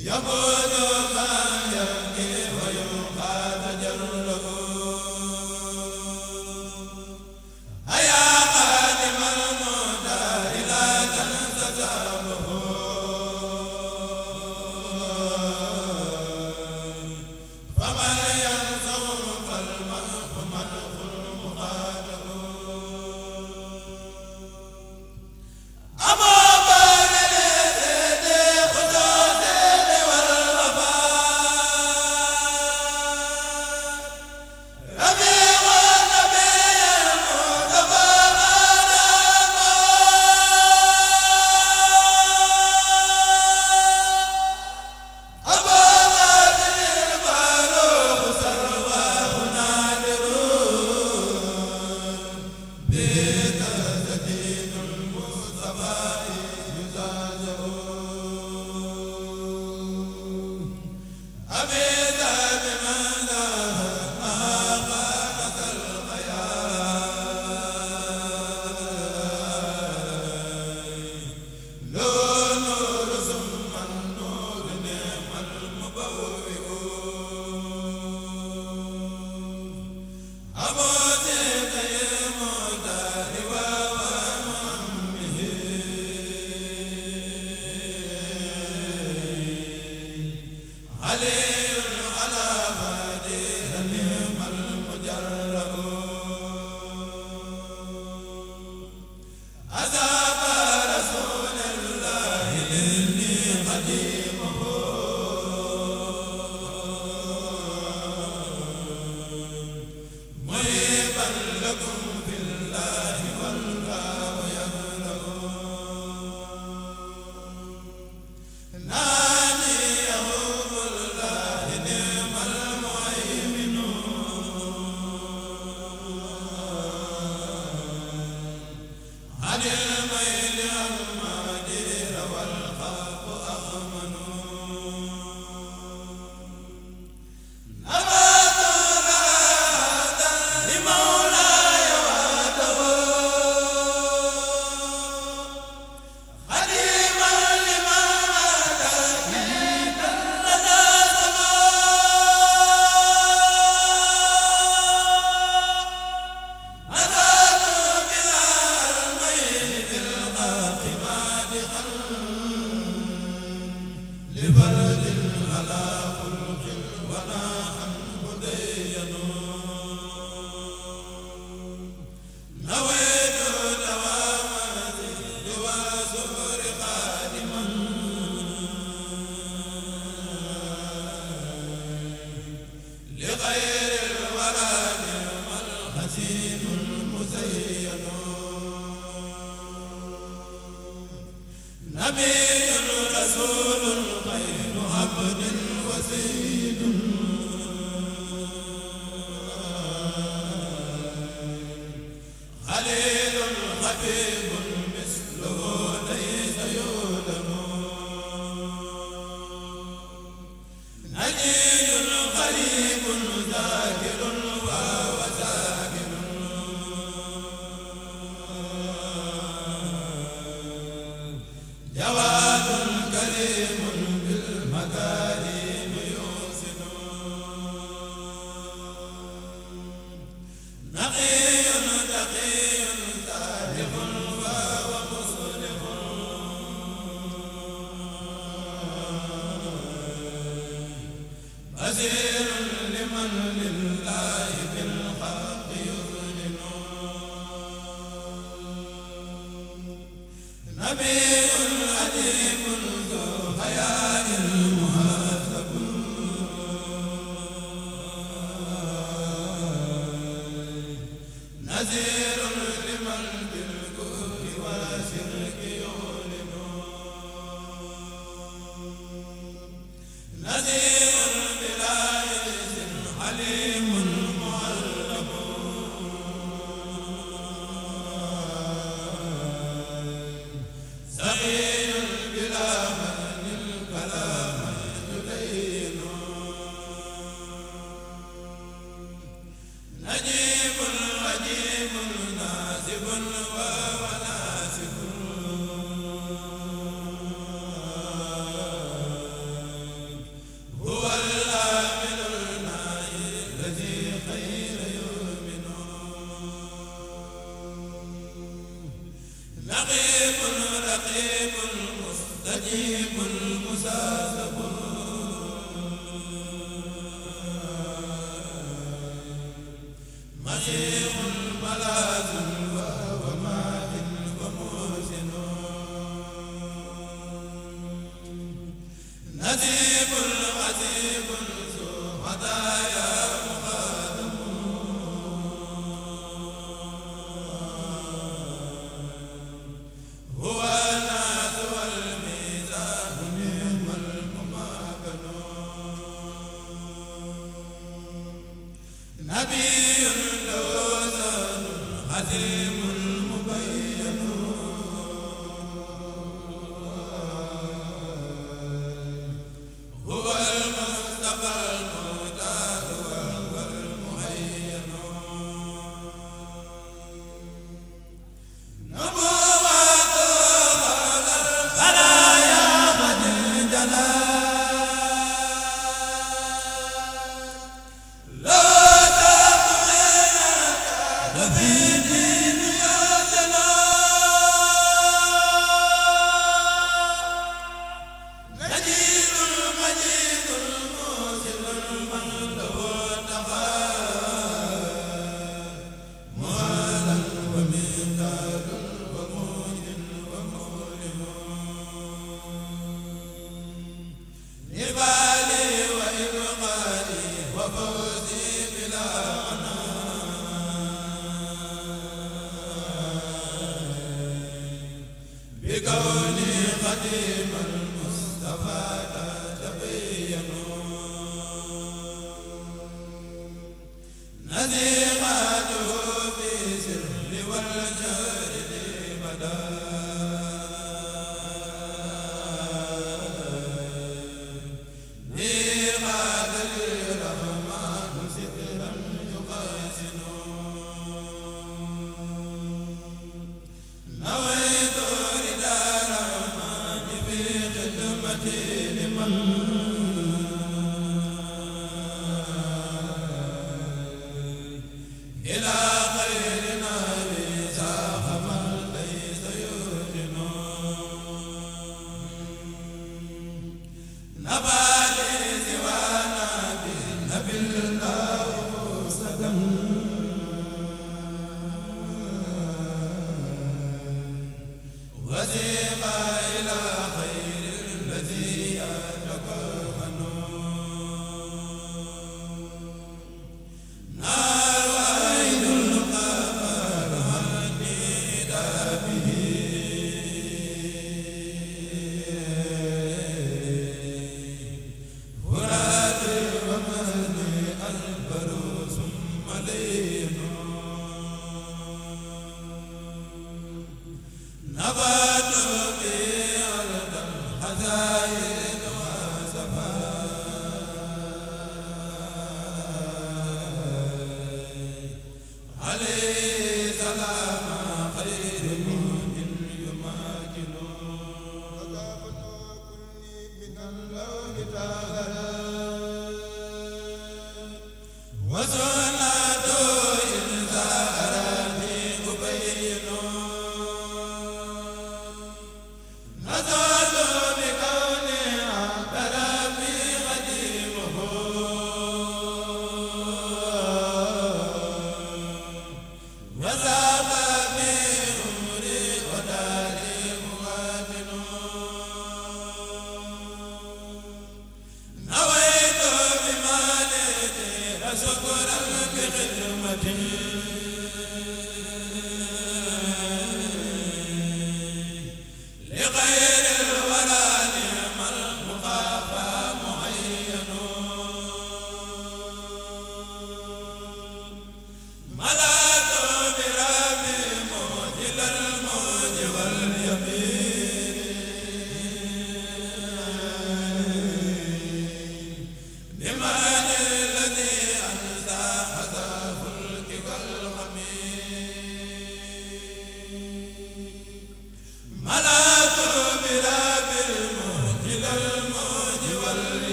ya ale Brasil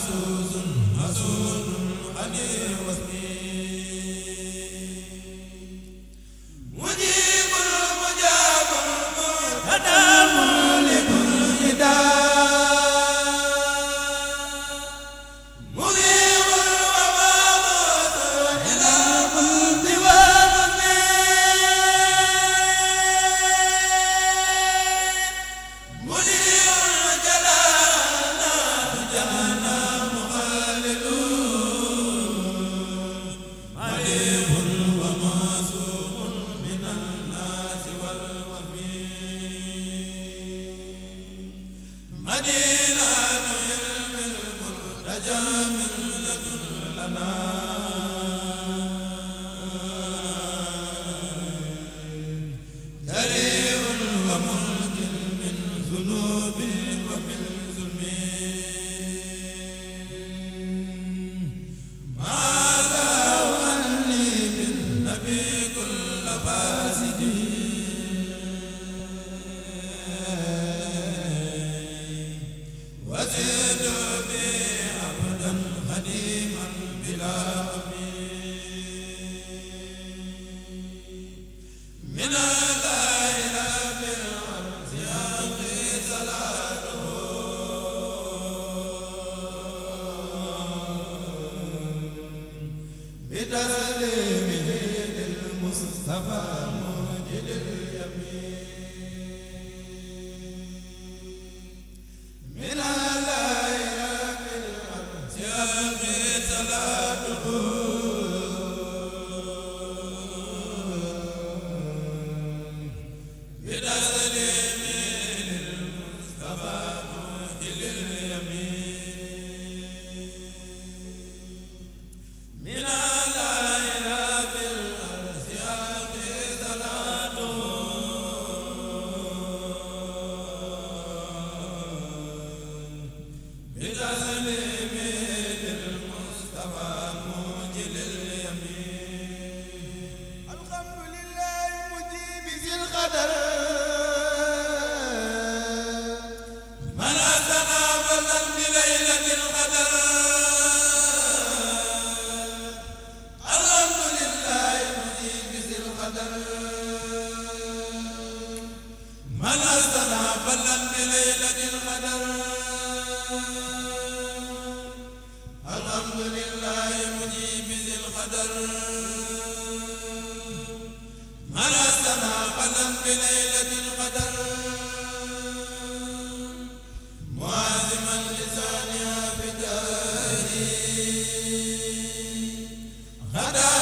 مسوز مسوز أني وسمي نجا من لدن لنا بتسليمه للمصطفى غدا